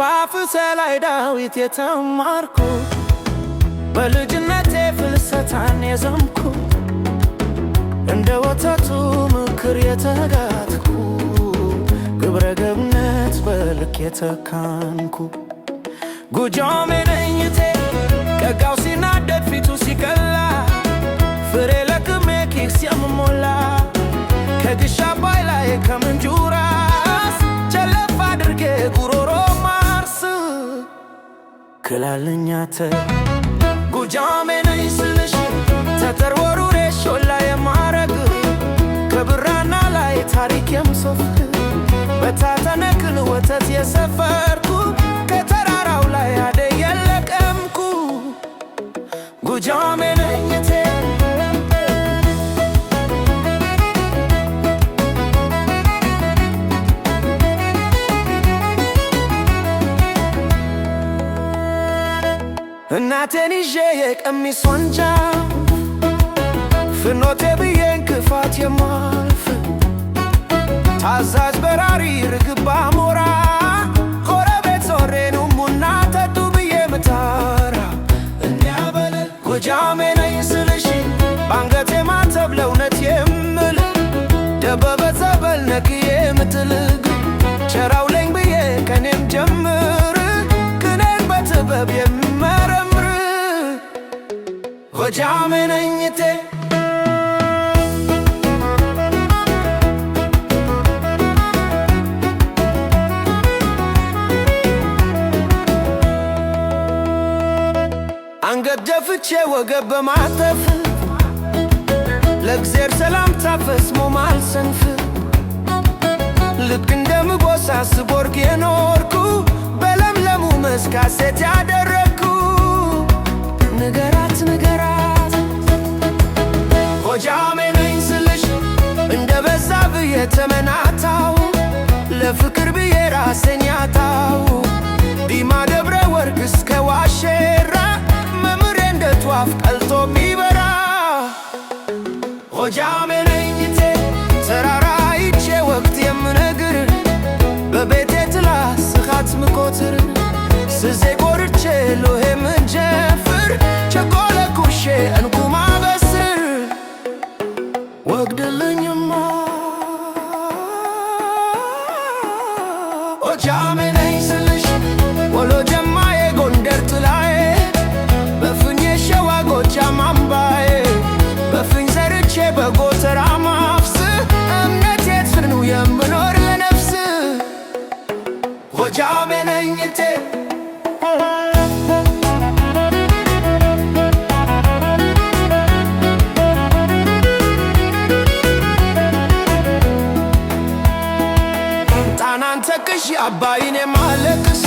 በአፍ ሰላይ ዳዊት የተማርኩ በልጅነቴ ፍልሰታን የዘምኩ እንደ ወተቱ ምክር የተጋትኩ ግብረ ገብነት በልክ የተካንኩ ጉጆም የነኝቴ ከጋው ሲናደድ ፊቱ ሲቀላ ፍሬ ለቅሜ ኪስ የምሞላ ከግሻ አባይ ላይ ከምንጁ ራስ ቸለፍ አድርጌ ጉሮሮ ትክክላለኛተ ጉጃሜ ነኝ ስልሽ ሾላ የማረግ ከብራና ላይ ታሪክ የምሰፍክ በታተነክን ወተት የሰፈርኩ ከተራራው ላይ አደይ የለቀምኩ እናቴን ይዤ የቀሚሷን ጫፍ ፍኖቴ ብዬ ወዲያ አንገት ደፍቼ ወገብ በማጠፍ ለእግዜር ሰላምታ ፈጽሞ ማልሰንፍ ልክ እንደምጎሳ ስቦርግ የኖርኩ በለምለሙ መስካሴት ሐሴት ያደር የተመናታው ለፍቅር ብዬ ራሴን ያጣው ዲማ ደብረ ወርቅ እስከ ዋሼራ መምሬ እንደ ጧፍ ቀልጦ ቢበራ pajama. ሳስቅሽ አባይን ማለቅስ